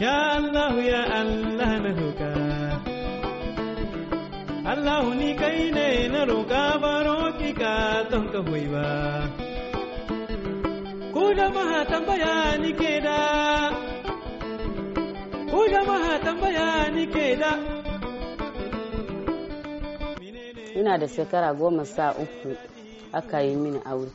Ya Allah ya Allah na roƙa Allah ni kai ne na roƙa baro ki ka don ka hoyi ba Ku jama'a tambaya ni ke da Ku jama'a tambaya ni ke da ina da shekara goma sa uku aka yi mini aure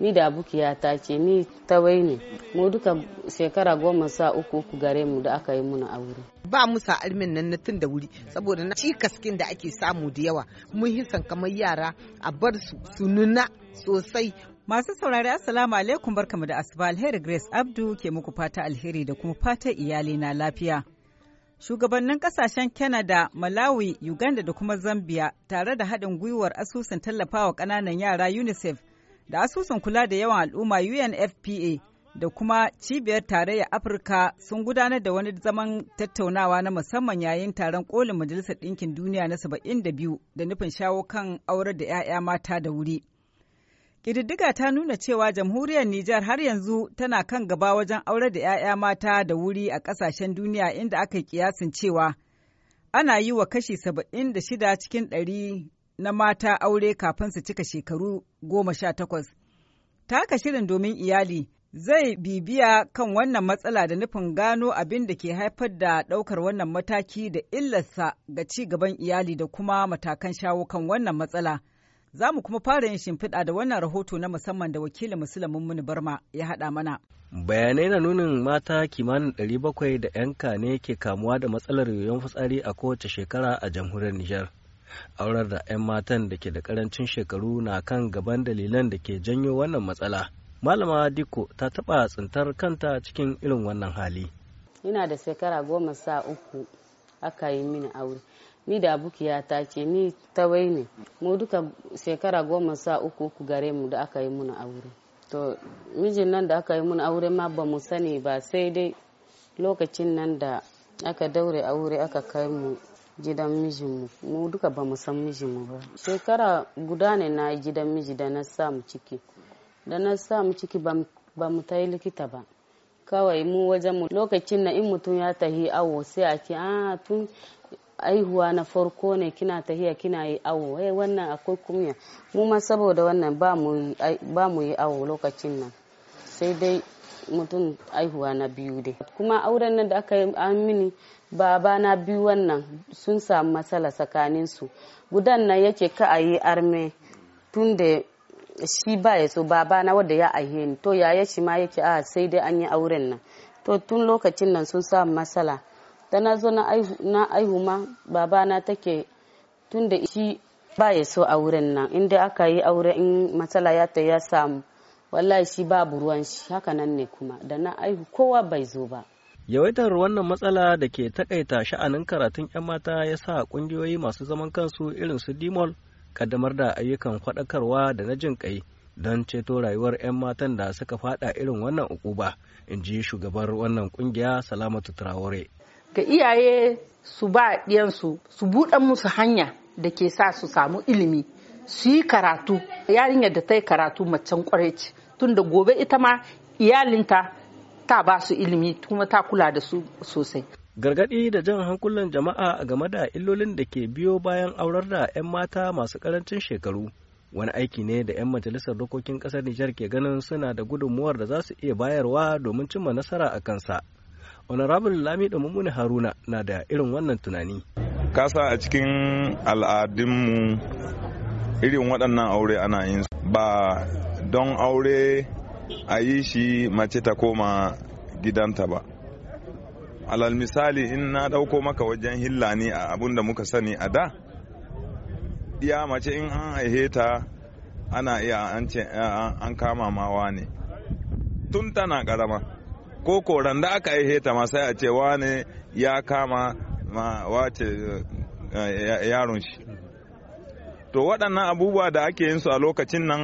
ni da abokiya ta ce ni ta wai ne mu duka shekara goma sa uku ku gare mu da aka yi muna aure ba mu sa almin nan na tun da wuri saboda na cikaskin da ake samu da yawa mun yi kamar yara a bar su su nuna sosai Masu saurari Assalamu alaikum barkamu da asuba alheri Grace Abdu ke muku fata alheri da kuma fata iyali na lafiya. Shugabannin kasashen Canada, Malawi, Uganda da kuma Zambia tare da haɗin gwiwar asusun tallafawa ƙananan yara UNICEF da asusun kula da yawan al'umma UNFPA da kuma cibiyar tarayyar Afirka sun gudanar da wani zaman tattaunawa na musamman yayin taron kolin Majalisar Ɗinkin Duniya na 72 da nufin shawo kan aurar da 'ya'ya mata da wuri. Ƙididdiga ta nuna cewa jamhuriyar Nijar har yanzu tana kan gaba wajen aurar da 'ya'ya mata da wuri a ƙasashen duniya inda aka yi kiyasin cewa ana yi wa kashi 76 cikin ɗari na mata aure kafin su cika shekaru goma sha takwas. Taka shirin domin iyali zai bibiya kan wannan matsala da nufin gano abin da ke haifar da ɗaukar wannan mataki da illarsa ga ci gaban iyali da kuma matakan shawo kan wannan matsala. Za mu kuma fara yin shimfiɗa da wannan rahoto na musamman da wakilin Musulmin Muni Barma ya haɗa mana. Bayanai na nunin mata kimanin 700 da 'yanka ne ke kamuwa da matsalar yoyon fitsari a kowace shekara a jamhuriyar Nijar. aurar da 'yan matan da ke da karancin shekaru na kan gaban dalilan da ke janyo wannan matsala malama diko ta taɓa tsintar kanta cikin irin wannan hali ina da shekara goma sa uku aka yi mini aure ni da bukiya ta ce ni tawai ne mu duka shekara goma sa uku uku gare mu da aka yi mini aure to mijin nan da aka yi mini aure ma ba mu sani ba sai dai lokacin nan da aka daure aure aka kai mu gidan mijinmu mu duka ba mu san mijinmu ba shekara guda ne na gidan miji da na samu ciki da na samu ciki ba mu ta yi likita ba kawai mu wajen mu lokacin na in mutum ya tahi awo sai a ce a ah, tun aihuwa na farko ne kina tahiya kina yi awo eh wannan akwai kumya mu ma saboda wannan ba mu yi awo lokacin nan sai dai mutum aihuwa na biyu dai kuma auren nan da aka yi amini baba na biyu wannan sun samu matsala tsakanin su gudan nan yake ka a yi arme tun da shi ba ya so baba na wadda ya aihe ni to ya shi ma yake a ah, sai dai an yi auren nan to tun lokacin nan sun samu matsala da na zo na aihu ma baba na take tun da shi ba ya so auren nan inda aka yi aure in matsala ya ta ya samu wallahi shi babu ruwan shi haka nan ne kuma da na aihu kowa bai zo ba yawaitar wannan matsala da ke takaita sha'anin karatun 'yan mata ya sa kungiyoyi masu zaman kansu irin su dimol kaddamar da ayyukan faɗakarwa da na jin kai don ceto rayuwar 'yan matan da suka fada irin wannan ukuba in ji shugabar wannan kungiya salamatu traore ga iyaye su ba ɗiyansu su buɗe musu hanya da ke sa su samu ilimi su yi karatu yarinyar da ta yi karatu macen kwarai ce tunda gobe ita ma iyalinta ta ba su ilimi kuma ta kula da su sosai gargaɗi da jan hankulan jama'a game da illolin da ke biyo bayan aurar da 'yan mata masu ƙarancin shekaru wani aiki ne da 'yan majalisar dokokin ƙasar nijar ke ganin suna da gudunmuwar da za su iya bayarwa domin cimma nasara a kansa honorable lami da mummuni haruna na da irin wannan tunani kasa a cikin al'adunmu irin waɗannan aure ana yin ba don aure a yi shi mace ta koma gidanta ba alal misali in na ɗauko maka wajen hilla ne a abun da muka sani a da ya mace in an haihe ta ana iya an kama mawa ne tun tana karama, ko koran da aka haihe ta ma sai a ce wane ya kama wace eh, yaron shi to waɗannan abubuwa da ake yin su a lokacin nan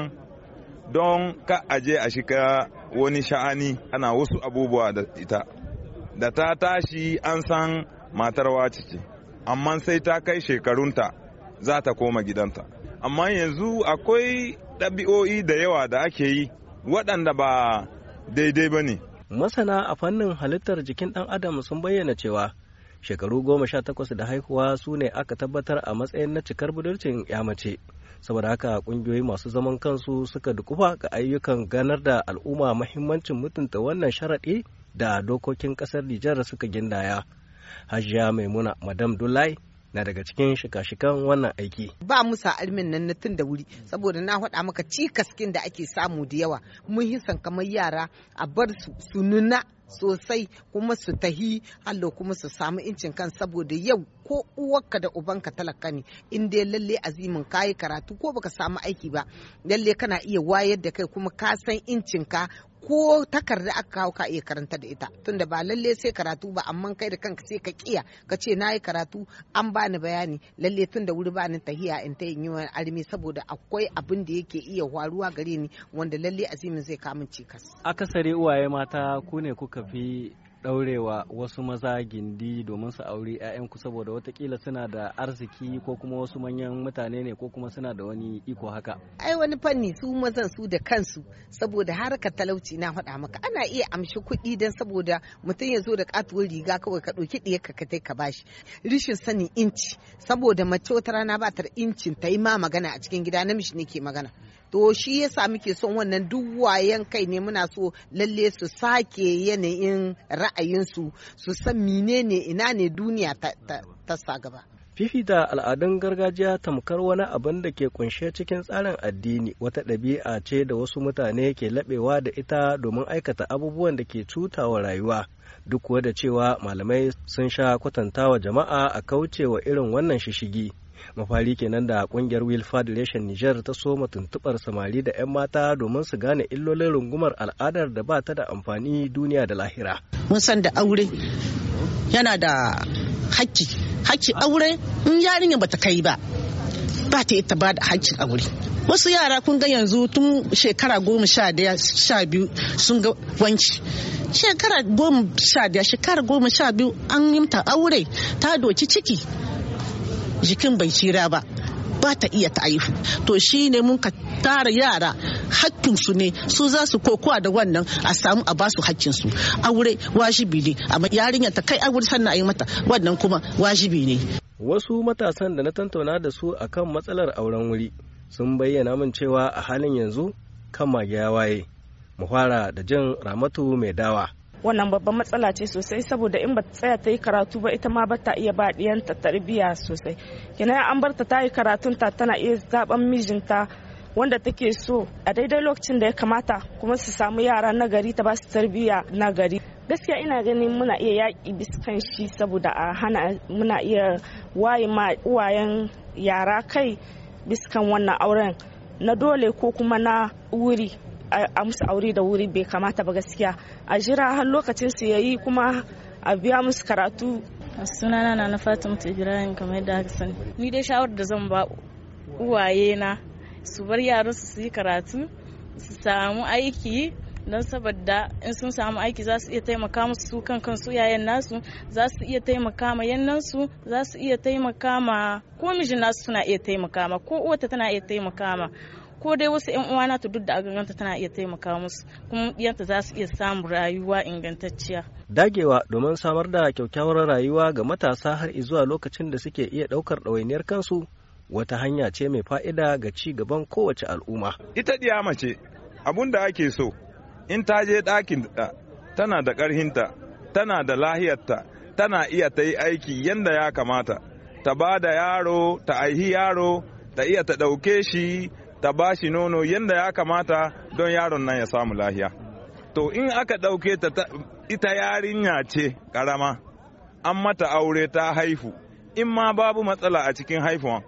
don ka aje a shiga wani sha'ani ana wasu abubuwa da ita da ta tashi an san matar wace amma sai ta kai shekarunta za ta koma gidanta amma yanzu akwai ɗabi'o'i da yawa da ake yi waɗanda ba daidai ba ne masana a fannin halittar jikin ɗan adam sun bayyana cewa shekaru goma sha takwas da haihuwa su ne aka tabbatar a matsayin na cikar budurcin ya mace saboda haka kungiyoyi masu zaman kansu suka dukufa ga ayyukan ganar da al'umma mahimmancin mutunta wannan sharaɗi da dokokin ƙasar Nijar suka gindaya. Hajiya Maimuna Madam Dulai na daga cikin shika-shikan wannan aiki. Ba mu sa'ar almin nan na tun da wuri saboda na faɗa maka cikaskin da ake samu da yawa mun hisan kamar yara a bar su su nuna sosai kuma su tahi hallo kuma su samu incin kan saboda yau ko uwarka da ubanka talaka ne in dai lalle azimin kayi karatu ko baka samu aiki ba lalle kana iya wayar da kai kuma ka san incin ka ko takarda aka kawo ka iya karanta da ita tunda ba lalle sai karatu ba amma kai da kanka sai ka kiya ka ce na yi karatu an bani bayani lalle tun da wuri bani tahiya in ta yin yawan armi saboda akwai abin da yake iya waruwa gare ni wanda lalle azimin zai kamun cikas akasare uwaye mata ku ne kuka fi daurewa wasu maza gindi domin su auri 'ya'yanku saboda watakila suna da arziki ko kuma wasu manyan mutane ne ko kuma suna da wani iko haka ai wani fanni su mazan su da kansu saboda harkar talauci na faɗa maka ana iya amshi kuɗi don saboda mutum ya zo da katuwar riga kawai ka ɗauki ɗaya ka kai ka bashi rishin sanin inci saboda mace wata rana ba ta incin ta yi ma magana a cikin gida namiji ne ke magana to shi yasa muke son wannan duk wayan kai ne muna so lalle su sake yanayin ra'ayinsu su san menene ina ne duniya ta sa gaba fifita al'adun gargajiya tamkar wani abin da ke kunshe cikin tsarin addini wata ɗabi'a ce da wasu mutane ke laɓewa da ita domin aikata abubuwan da ke cutawa rayuwa duk da cewa malamai sun sha kwatantawa jama'a a kaucewa irin wannan shishigi mafari kenan da kungiyar will federation niger ta soma tuntubar samari da 'yan mata domin su gane illolin rungumar al'adar da ba ta da amfani duniya da lahira mun san da aure yana da hakki hakki aure in yarinya bata kai ba ba ta ita ba da hakkin aure wasu yara kun ga yanzu tun shekara goma sha daya sha biyu sun ga wanci shekara goma sha daya shekara goma sha biyu an yimta aure ta doki ciki jikin bai cira ba ba ta iya ta to shi ne mun ka tara yara hakkinsu ne su za su kokowa da wannan a samu a basu hakkinsu aure wajibi ne amma yarinyar ta kai aure sannan a yi mata wannan kuma wajibi ne wasu matasan da na tantauna da su akan matsalar auren wuri sun bayyana min cewa a halin yanzu kan magiya waye mu fara da jin ramatu mai dawa wannan babban matsala ce sosai saboda in ba ta tsaya ta yi karatu ba ita ma ba ta iya ba ɗiyanta tarbiyya sosai kina an bar ta ta yi ta tana iya zaben mijinta wanda take so a daidai lokacin da ya kamata kuma su samu yara na gari ta ba su tarbiyya na gari gaskiya ina ganin muna iya yaƙi biskan shi saboda a hana muna iya waye ma uwayen yara kai biskan wannan auren na dole ko kuma na wuri a musu aure da wuri bai kamata ba gaskiya a jira har lokacin su yayi kuma a biya musu karatu sunana na na fatima ibrahim kamar da aka sani ni dai shawar da zan ba uwaye na su bar yaran su yi karatu su samu aiki don saboda in sun samu aiki za su iya taimaka musu su kan kansu yayan nasu za su iya taimaka ma za su iya taimaka ma ko mijin nasu suna iya taimaka ma ko uwata tana iya taimaka ma ko dai wasu yan uwana duk da aganganta tana iya taimaka musu kuma 'yanta za su iya samun rayuwa ingantacciya dagewa domin samar da kyakkyawar rayuwa ga matasa har zuwa lokacin da suke iya ɗaukar ɗawainiyar kansu wata hanya ce mai fa'ida ga ci gaban kowace al'umma ita ɗiya mace abun da ake so in ta je ɗakin da tana da ƙarhinta tana da lahiyarta tana iya ta yi aiki yadda ya kamata ta ba da yaro ta aihi yaro ta iya ta ɗauke shi ta ba shi nono yadda ya kamata don yaron nan ya samu lahiya to in aka ɗauke ta ita yarinya ce ƙarama an mata aure ta haifu in ma babu matsala a cikin haifuwan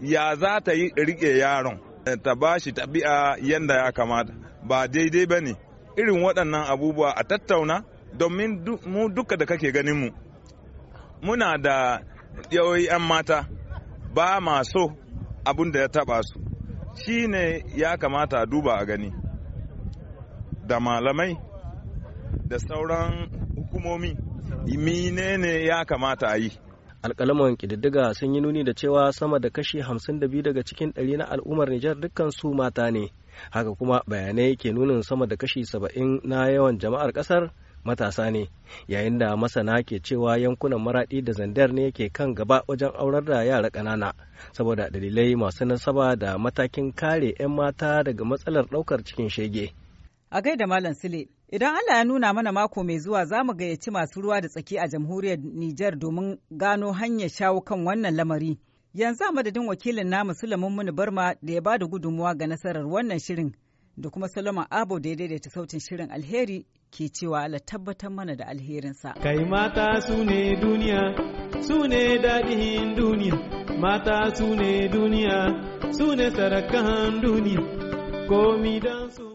ya za ta yi riƙe yaron eh, ta ba bashi tabi'a yadda ya kamata ba daidai ba ne irin waɗannan abubuwa a tattauna domin mu duka da kake ganin mu muna da yawai 'yan mata ba ma so abin da ya taɓa su shi ne ya kamata a duba a gani da malamai da sauran hukumomi menene ya kamata a yi alkalaman ƙididdiga sun yi nuni da cewa sama da kashi 52 daga cikin ɗari na al'ummar nijar dukkan mata ne haka kuma bayanai ke nunin sama da kashi 70 na yawan jama'ar ƙasar matasa ne yayin da masana ke cewa yankunan maraɗi da zandar ne ke kan gaba wajen aurar da yara ƙanana saboda dalilai masu nasaba da matakin kare 'yan mata daga matsalar ɗaukar cikin shege. A gaida Malam Sule, idan Allah ya nuna mana mako mai zuwa za mu gayyaci masu ruwa da tsaki a jamhuriyar niger domin gano hanyar shawo kan wannan lamari. Yanzu a madadin wakilin namu Sulaiman Muni Barma da ya ba da gudunmuwa ga nasarar wannan shirin da kuma Solomon Abo da ya daidaita sautin shirin alheri ke cewa ala tabbatar mana da alherinsa. Kai mata su ne duniya, su ne daɗin duniya, mata su ne duniya, su ne sarakan duniya, komi don su